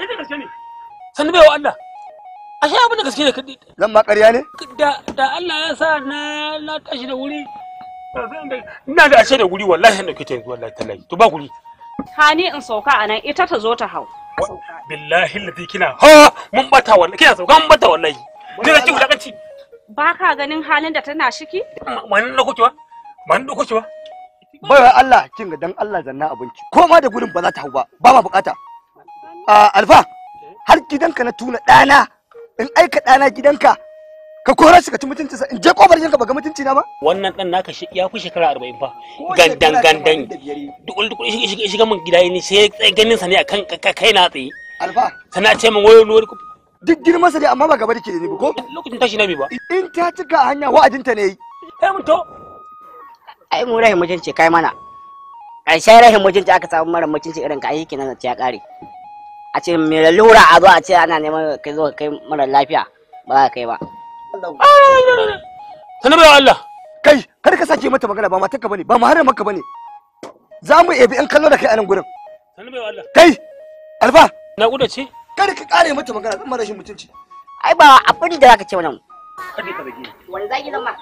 ashe da gaske ne sannu bai wa Allah ashe abin da gaske ne kadi zan ma ƙarya ne da da Allah ya sa na na tashi da wuri ina da ashe da wuri wallahi na kike wallahi tallahi to ba kuri hani in sauka anan ita ta zo ta hau billahi ladi kina ha mun bata wallahi kina sauka mun bata wallahi dole ki wulakanci ba ka ganin halin da tana shiki manin na kuke ba manin da kuke ba bai Allah kin ga dan Allah zanna abinci ko ma da gurin ba za ta hau ba ba ma bukata alfa har gidanka na tuna ɗana in aika ɗana gidanka ka kora shi ka ci mutunci sa in je kofar gidanka ba ga mutunci na ba wannan dan naka shi ya fi shekara 40 fa gandan gandan dukul duk shi shiga mun gida ne sai ganin sa ne akan kai na tsaye alfa sana ce min wayo nuwar duk girma sa dai amma ba gaba dake ni ba ko lokacin tashi na bi ba in ta cika hanya wa'adinta ne yi kai mun to ai mu rahin mutunci kai mana sai rahin mutunci aka samu mara mutunci irin ka aiki na ya kare a ce mai lalura a zo a ce ana neman kai zo kai mara lafiya ba za kai ba sani bai Allah kai kar ka sake mata magana ba matanka bane ba maharar maka bane za mu ebi in kallo da kai a nan gurin Allah kai alfa na kuda ce kar ka kare mata magana zan mara shi mutunci ai ba abin da zaka ce wannan kada ka zage wani zagi zan ma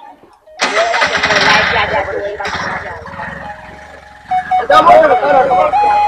lafiya da